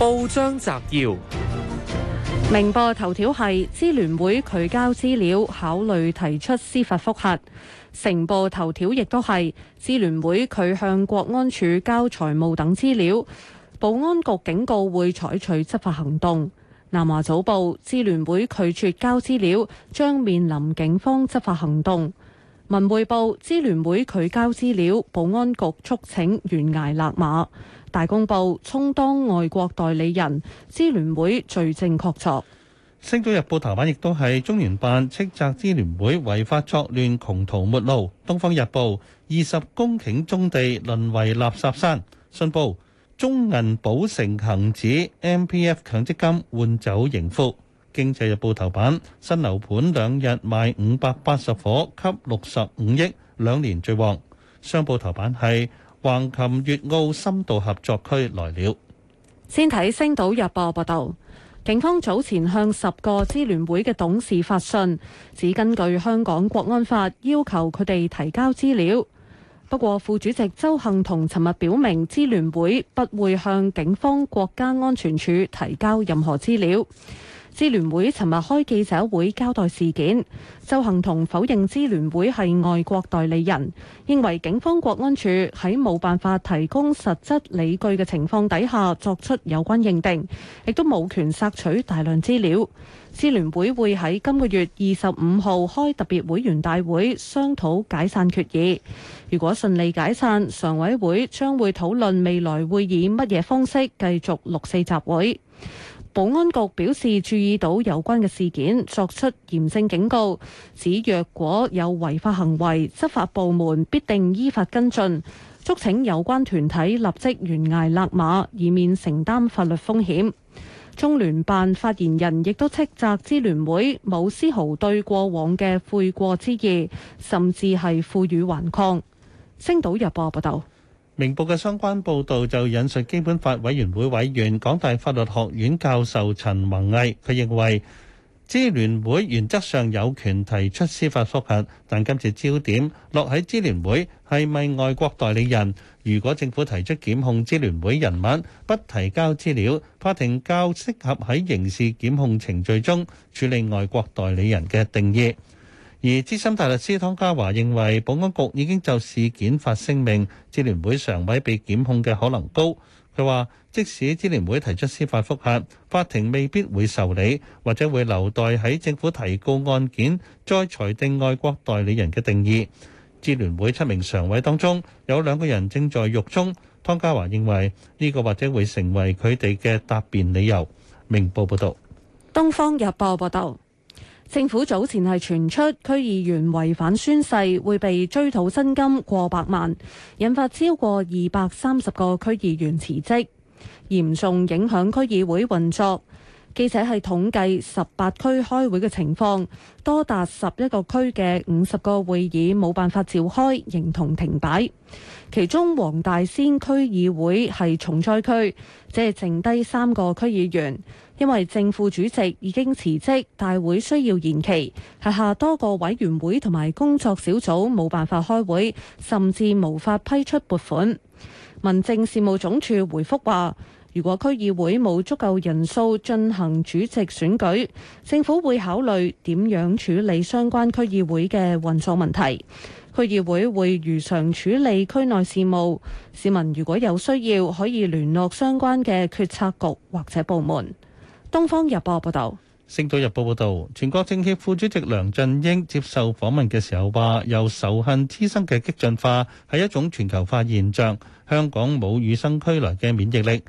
報章摘要：明報頭條係，支聯會拒交資料，考慮提出司法覆核。成報頭條亦都係，支聯會拒向國安處交財務等資料，保安局警告會採取執法行動。南華早報：支聯會拒絕交資料，將面臨警方執法行動。文匯報：支聯會拒交資料，保安局促請懸崖勒馬。大公報：充當外國代理人，支聯會罪證確鑿。星島日報頭版亦都係中聯辦斥責支聯會違法作亂，窮途末路。東方日報：二十公頃中地淪為垃,垃圾山。信報：中銀保誠恒指 M P F 強積金換走盈富。《經濟日報》頭版，新樓盤兩日賣五百八十夥，吸六十五億，兩年最旺。商報頭版係橫琴粵澳深度合作區來了。先睇《星島日報》報道，警方早前向十個支聯會嘅董事發信，只根據香港國安法要求佢哋提交資料。不過，副主席鄒幸彤尋日表明，支聯會不會向警方國家安全處提交任何資料。支聯會尋日開記者會交代事件，鄒幸彤否認支聯會係外國代理人，認為警方國安處喺冇辦法提供實質理據嘅情況底下作出有關認定，亦都冇權索取大量資料。支聯會會喺今個月二十五號開特別會員大會商討解散決議，如果順利解散，常委會將會討論未來會以乜嘢方式繼續六四集會。保安局表示注意到有關嘅事件，作出嚴正警告，指若果有違法行為，執法部門必定依法跟進，促請有關團體立即懸崖勒馬，以免承擔法律風險。中聯辦發言人亦都斥責支聯會冇絲毫對過往嘅悔過之意，甚至係負隅頑抗。星島日報、啊、報道。明報嘅相關報導就引述基本法委員會委員、港大法律學院教授陳宏毅，佢認為，支聯會原則上有權提出司法覆核，但今次焦點落喺支聯會係咪外國代理人。如果政府提出檢控支聯會人物不提交資料，法庭較適合喺刑事檢控程序中處理外國代理人嘅定義。而資深大律師湯家驊認為，保安局已經就事件發聲明，支聯會常委被檢控嘅可能高。佢話，即使支聯會提出司法覆核，法庭未必會受理，或者會留待喺政府提告案件再裁定外國代理人嘅定義。支聯會七名常委當中有兩個人正在獄中，湯家驊認為呢個或者會成為佢哋嘅答辯理由。明報報導，東方日報報導。政府早前係傳出區議員違反宣誓，會被追討薪金過百萬，引發超過二百三十個區議員辭職，嚴重影響區議會運作。記者係統計十八區開會嘅情況，多達十一個區嘅五十個會議冇辦法召開，形同停擺。其中黃大仙區議會係重災區，只係剩低三個區議員，因為正副主席已經辭職，大會需要延期。轄下多個委員會同埋工作小組冇辦法開會，甚至無法批出撥款。民政事務總署回覆話，如果區議會冇足夠人數進行主席選舉，政府會考慮點樣處理相關區議會嘅運作問題。區議會會如常處理區內事務，市民如果有需要可以聯絡相關嘅決策局或者部門。《東方日報》報道，《星島日報》報道，全國政協副主席梁振英接受訪問嘅時候話，由仇恨滋生嘅激進化係一種全球化現象，香港冇與生俱來嘅免疫力。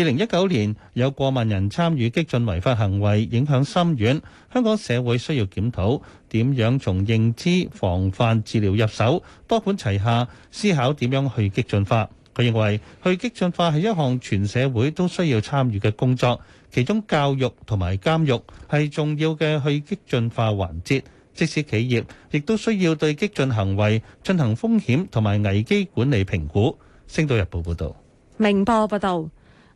二零一九年有過萬人參與激進違法行為，影響深遠。香港社會需要檢討點樣從認知、防範、治療入手，多管齊下，思考點樣去激進化。佢認為去激進化係一項全社會都需要參與嘅工作，其中教育同埋監獄係重要嘅去激進化環節。即使企業亦都需要對激進行為進行風險同埋危機管理評估。星島日報報道，明報報道。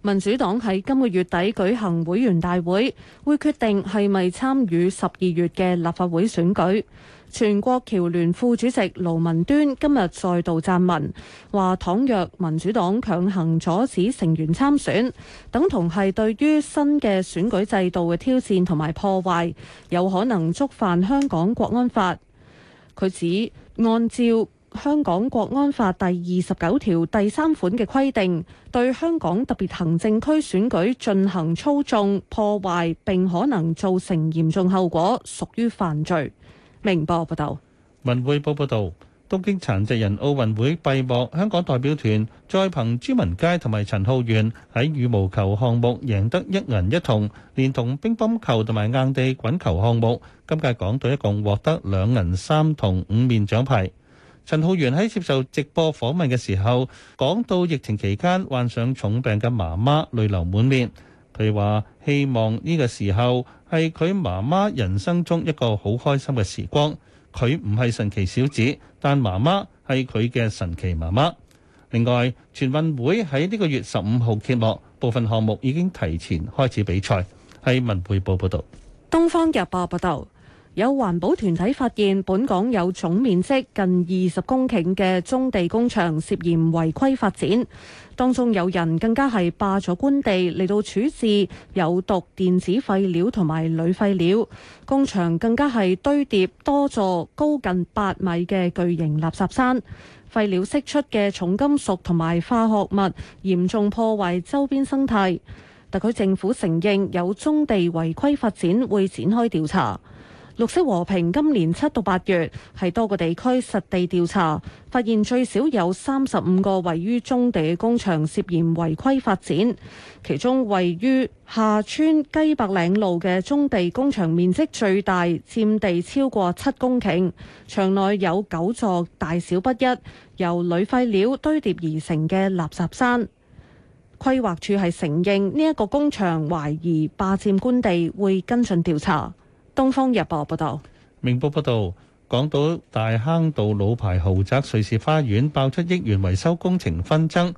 民主黨喺今個月底舉行會員大會，會決定係咪參與十二月嘅立法會選舉。全國僑聯副主席盧文端今日再度撰文，話倘若民主黨強行阻止成員參選，等同係對於新嘅選舉制度嘅挑戰同埋破壞，有可能觸犯香港國安法。佢指按照香港《國安法》第二十九條第三款嘅規定，對香港特別行政區選舉進行操縱、破壞並可能造成嚴重後果，屬於犯罪。明報報道：「文匯報報道，東京殘疾人奧運會閉幕，香港代表團再憑朱文佳同埋陳浩源喺羽毛球項目贏得一銀一銅，連同乒乓球同埋硬地滾球項目，今屆港隊一共獲得兩銀三銅五面獎牌。陳浩源喺接受直播訪問嘅時候，講到疫情期間患上重病嘅媽媽淚流滿面。佢話希望呢個時候係佢媽媽人生中一個好開心嘅時光。佢唔係神奇小子，但媽媽係佢嘅神奇媽媽。另外，全運會喺呢個月十五號揭幕，部分項目已經提前開始比賽。喺《文匯報》報道，《東方日報》報道。有環保團體發現，本港有總面積近二十公頃嘅棕地工場涉嫌違規發展，當中有人更加係霸咗官地嚟到處置有毒電子廢料同埋鋁廢料，工場更加係堆疊多座高近八米嘅巨型垃圾山，廢料釋出嘅重金屬同埋化學物嚴重破壞周邊生態。特區政府承認有棕地違規發展，會展開調查。綠色和平今年七到八月係多個地區實地調查，發現最少有三十五個位於中地嘅工場涉嫌違規發展。其中位於下村雞白嶺路嘅中地工場面積最大，佔地超過七公頃，場內有九座大小不一、由鋁廢料堆疊而成嘅垃圾山。規劃處係承認呢一個工場懷疑霸佔官地，會跟進調查。東方日報報道，明報報道，港島大坑道老牌豪宅瑞士花園爆出億元維修工程紛爭，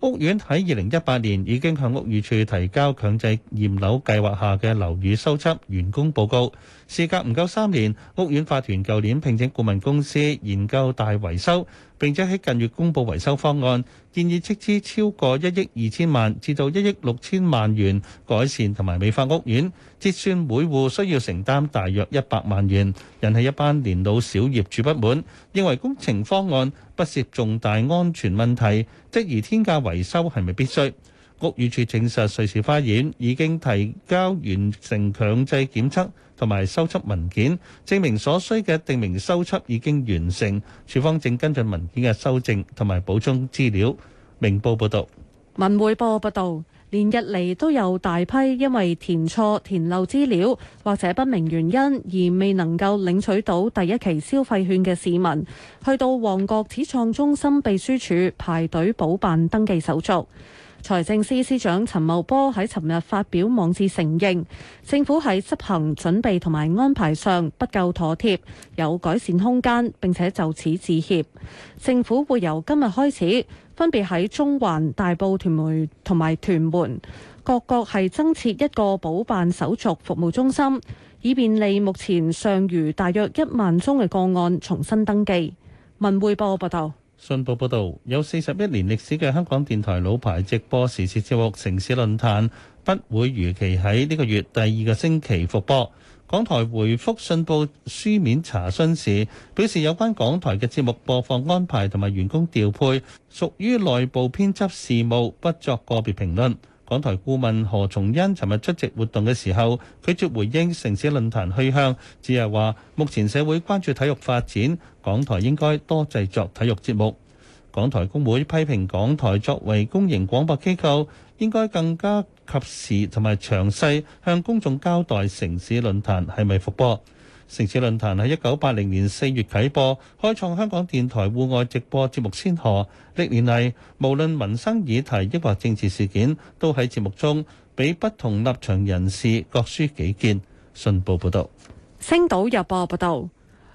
屋苑喺二零一八年已經向屋宇處提交強制驗樓計劃下嘅樓宇修葺完工報告。事隔唔夠三年，屋苑法團舊年聘請顧問公司研究大維修，並且喺近月公布維修方案，建議斥資超過一億二千萬至到一億六千萬元改善同埋美化屋苑，折算每戶需要承擔大約一百萬元，引起一班年老小業主不滿，認為工程方案不涉重大安全問題，質疑天價維修係咪必須。屋宇署證實，瑞士花園已經提交完成強制檢測，同埋收葺文件，證明所需嘅定名收葺已經完成。處方正跟進文件嘅修正同埋補充資料。明報報道。文匯報報道，連日嚟都有大批因為填錯、填漏資料或者不明原因而未能夠領取到第一期消費券嘅市民，去到旺角始創中心秘書處排隊補辦登記手續。財政司司長陳茂波喺尋日發表網誌承認，政府喺執行準備同埋安排上不夠妥貼，有改善空間，並且就此致歉。政府會由今日開始，分別喺中環、大埔屯門同埋屯門各個係增設一個補辦手續服務中心，以便利目前尚餘大約一萬宗嘅個案重新登記。文匯報報道。信報報導，有四十一年歷史嘅香港電台老牌直播時事節目《城市論壇》不會如期喺呢個月第二個星期復播。港台回覆信報書面查詢時，表示有關港台嘅節目播放安排同埋員工調配，屬於內部編輯事務，不作個別評論。港台顧問何重恩尋日出席活動嘅時候，拒絕回應城市論壇去向，只係話目前社會關注體育發展，港台應該多製作體育節目。港台工會批評港台作為公營廣播機構，應該更加及時同埋詳細向公眾交代城市論壇係咪復播。城市論壇喺一九八零年四月啟播，開創香港電台戶外直播節目先河。歷年嚟，無論民生議題抑或政治事件，都喺節目中俾不同立場人士各抒己見。信報報道，星島日報報道。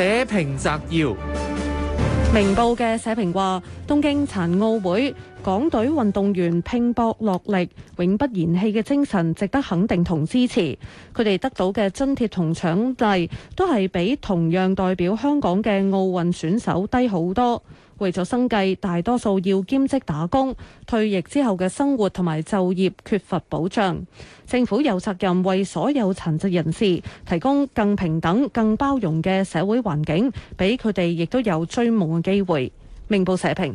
社評摘要：明報嘅社評話，東京殘奧會港隊運動員拼搏落力、永不言棄嘅精神值得肯定同支持。佢哋得到嘅津貼同獎勵都係比同樣代表香港嘅奧運選手低好多。為咗生計，大多數要兼職打工，退役之後嘅生活同埋就業缺乏保障，政府有責任為所有殘疾人士提供更平等、更包容嘅社會環境，俾佢哋亦都有追夢嘅機會。明報社評。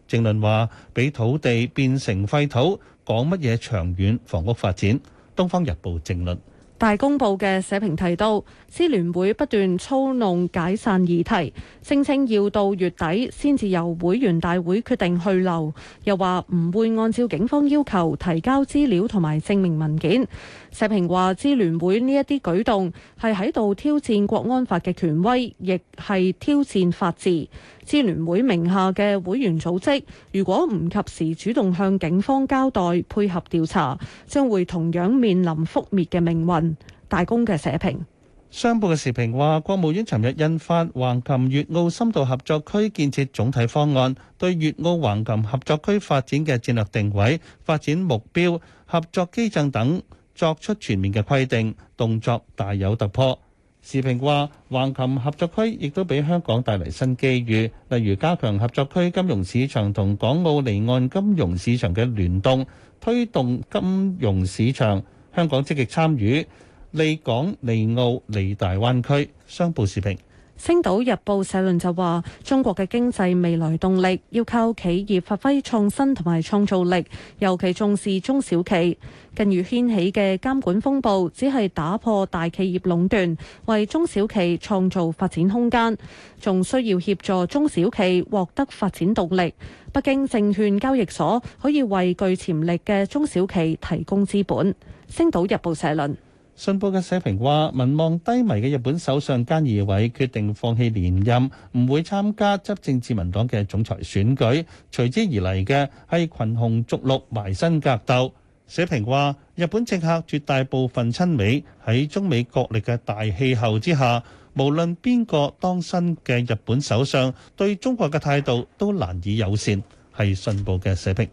政論話：俾土地變成廢土，講乜嘢長遠房屋發展？《東方日報》政論。大公報嘅社評提到，支聯會不斷操弄解散議題，聲稱要到月底先至由會員大會決定去留，又話唔會按照警方要求提交資料同埋證明文件。社評話：支聯會呢一啲舉動係喺度挑戰國安法嘅權威，亦係挑戰法治。支聯會名下嘅會員組織，如果唔及時主動向警方交代、配合調查，將會同樣面臨覆滅嘅命運。大公嘅社評。商報嘅時評話，國務院尋日印發橫琴粵澳深度合作區建設總體方案，對粵澳橫琴合作區發展嘅戰略定位、發展目標、合作機制等作出全面嘅規定，動作大有突破。時評話，橫琴合作區亦都俾香港帶嚟新機遇，例如加強合作區金融市場同港澳離岸金融市場嘅聯動，推動金融市場香港積極參與，利港利澳利大灣區。商報時評。《星島日報》社論就話：中國嘅經濟未來動力要靠企業發揮創新同埋創造力，尤其重視中小企。近日掀起嘅監管風暴，只係打破大企業壟斷，為中小企創造發展空間，仲需要協助中小企獲得發展動力。北京證券交易所可以為具潛力嘅中小企提供資本，《星島日報》社論。信報嘅社評話：民望低迷嘅日本首相菅義偉決定放棄連任，唔會參加執政自民黨嘅總裁選舉。隨之而嚟嘅係群雄逐鹿、埋身格鬥。社評話：日本政客絕大部分親美，喺中美角力嘅大氣候之下，無論邊個當新嘅日本首相，對中國嘅態度都難以友善。係信報嘅社評。